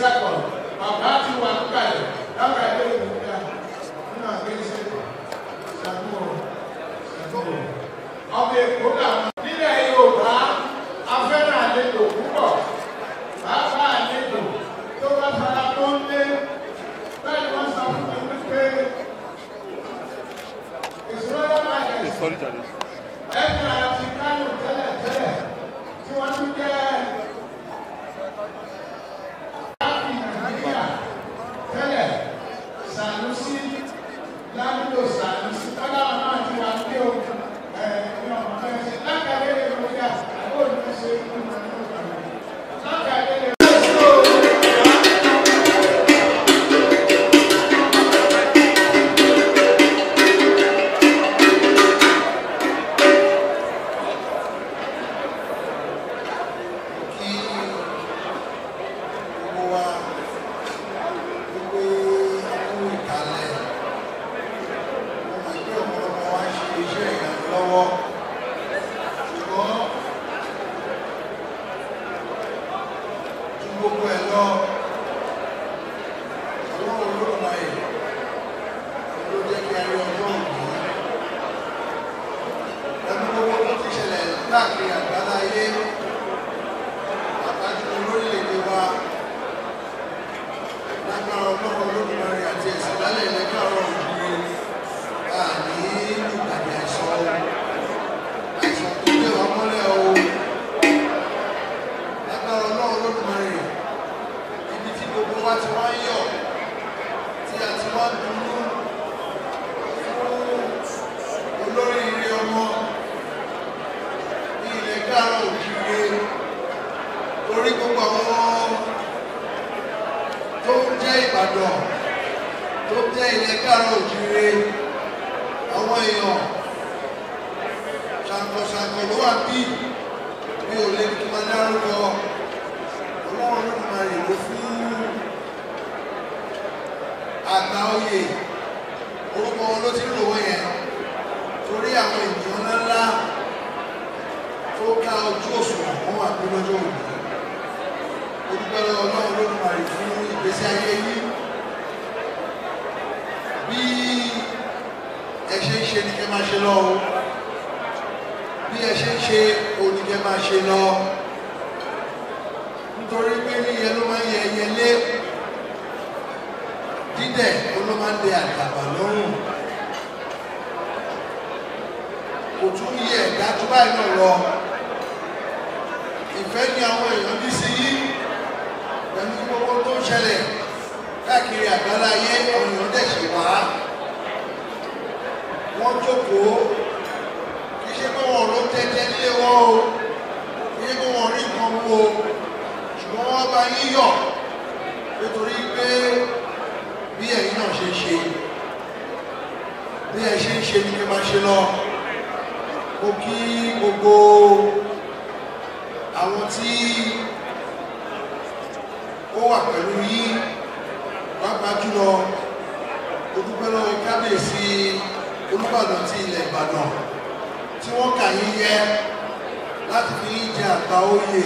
Second, Babatu Ankale, wá yọ̀ tí a ti wá dúró fún olórí ilé ọmọ ní ilẹ̀ káàrọ̀ òjìire orí gbogbo àwọn tó ń jẹ́ Ìbàdàn tó ń jẹ́ ilẹ̀ káàrọ̀ òjìire àwọn èèyàn ṣàǹkọ̀ṣàǹkọ̀ ló wà bí mi ò lè fi máa dárúkọ ọlọ́run ló máa rìn ló Àgbàoyè orúkọ wọn ló ti ń lòó yẹn torí àwọn ènìyàn ńláńlá tó ká ojú òṣùwọ̀n wọn wà pé lọ́jọ́ òní olùgbẹ́lẹ́ ọlọ́run ló máa rí fún ìgbésí ayé yìí bí ẹ ṣe ń ṣe ni kẹ́ máa ṣe lọ o bí ẹ ṣe ń ṣe òní kẹ́ máa ṣe lọ nítorí pé ní ìyẹn ló máa ń yẹ ẹyẹ lé o ló máa ń de àdàbà lọ́rùn kò tún yí ẹ̀dá tó báyìí náà lọ ìfẹ́ ni àwọn èèyàn ní sí yí pẹ̀lú gbogbo tó ń ṣẹlẹ̀ káàkiri àgbáláyé ọ̀nà dẹ̀ ṣì wá wọ́n jókòó kì ṣe pé wọn ló tẹ́tẹ́ nílé wọn o kì í ṣe pé wọn rí nǹkan mú o ṣùgbọ́n wọ́n bá yíyọ̀ nítorí pé bí ẹ̀yin náà ṣe ń ṣe bí ẹ ṣe ń ṣe ni kí n máa ṣe lọ mo kí gbogbo àwọn tí ó wà pẹ̀lú yín pàápàá jùlọ olùgbẹ́ lọ́wọ́ kábíyèsí Olúbàdàn ti ilẹ̀ Ìbàdàn tí wọ́n kà yín yẹ láti fi jẹ àgbà oyè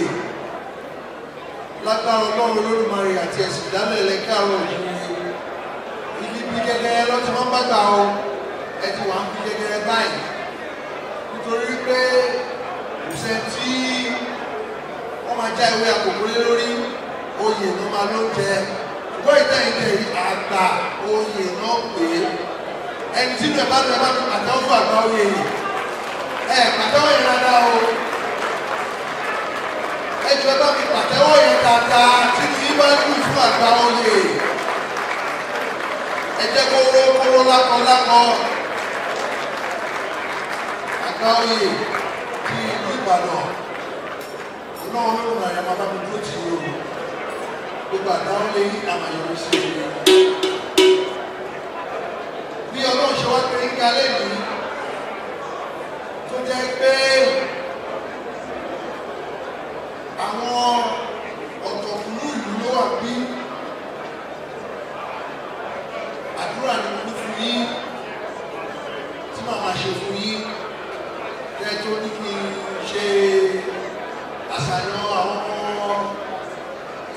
lágbára Ọlọ́run Olódùmarè àti ẹ̀sìn ìdálẹ̀ lẹ́kàárọ̀ yìí ibi gẹ́gẹ́ lọ́tí wọ́n bá gbà o ẹ ti wà ń fi gẹ́gẹ́ báyìí nítorí pé òṣè tí wọ́n máa já ìwé àkòkòrè lórí oyè ló máa ló jẹ ṣùgbọ́n ìta ìjẹ yìí àgbà oyè náà pé ẹni tí ìjọba bá tẹ bá fi pàtàkì fún àgbà oyè yìí ẹ pàtàkì yìí rárá o ẹjọ bá fi pàtẹ́wọ́ yẹn dáadáa títí bá kú fún àgbà oyè ẹ jẹ́ kó ró kóró lákọ lákọ. Àgbáwé ti ìlú Ìbàdàn. Ọlọ́run ló ràn yàrá bá mi dúró tì í o. Gbogbo àdáwọ̀ lé ní àmàyẹ̀wò sí i. Bí ọlọ́run ṣe wá pé ń ga lẹ́yìn tó jẹ́ pé àwọn.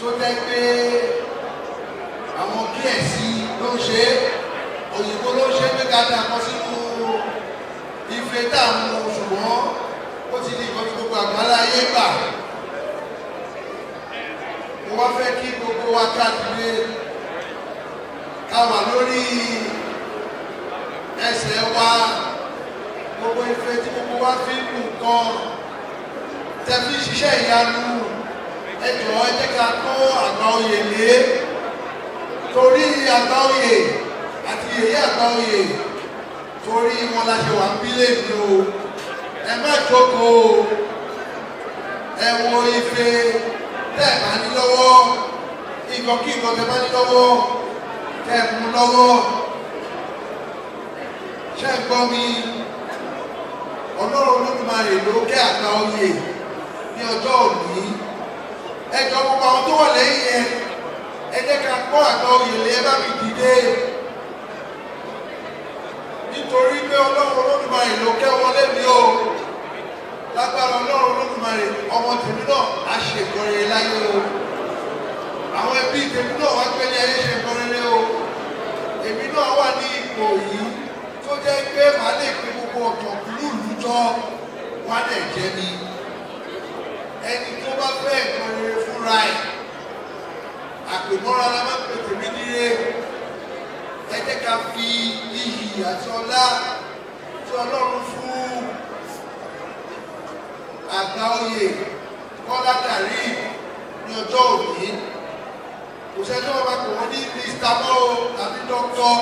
tó jẹ́ pé àwọn kíyèsí ló ń ṣe òyìnbó ló ń ṣe pé ká dà kọ́ sínú ife tá a mú ṣùgbọ́n ó ti di ìkọ́jú gbogbo àgbáńlá ayé gbà mo wá fẹ́ kí gbogbo wa káàkiri ká wà lórí ẹsẹ̀ wa gbogbo ife tí gbogbo wa fi kù kan tẹ̀ ṣiṣẹ́ ìyanu ẹ jọ̀ọ́ ẹ jẹ́ ká kó àgbà oyè lé torí àgbà oyè àti yèyé àgbà oyè torí wọn la ṣe wà bílẹ̀ ni o ẹ má jókòó ẹ wo ife tẹ́ ẹ bá ní lọ́wọ́ ìgbọ̀kígbọ̀ tẹ́ bá ní lọ́wọ́ tẹ́ ẹ mú lọ́wọ́ ṣé ẹ gbọ́ mi ọlọ́run olódùmarè ló kẹ́ àgbà oyè ní ọjọ́ òní ẹjọ́ gbogbo àwọn tó wà lẹ́yìn yẹn ẹ jẹ́ ká kọ́ àgbà oyè lé ẹ bá mi dìde nítorí pé ọlọ́run olódùmarè ló kẹ́ wọlé mi o lágbára ọlọ́run olódùmarè ọmọ tèmi náà á ṣe ìkọrere láyé o àwọn ẹbí tèmi náà wá pé ní ayé ṣe ìkọrere o èmi náà wà ní ipò yìí tó jẹ́ pé màá lè pe gbogbo ọ̀tọ̀ lùlù jọ wá dẹ̀ jẹ́ mi ẹni tó bá fẹ́ nǹkan rere fúnra ẹ̀ àpèmọ́ra la máa ń pè tèmi nílé ẹ jẹ́ ká fi iyì àti ọlá tí ọlọ́run fún àgbà oyè Kọ́lá Karim ní ọjọ́ òní kò sẹ́ni wọ́n bá pè wọ́n ní mr mo tàbí dr.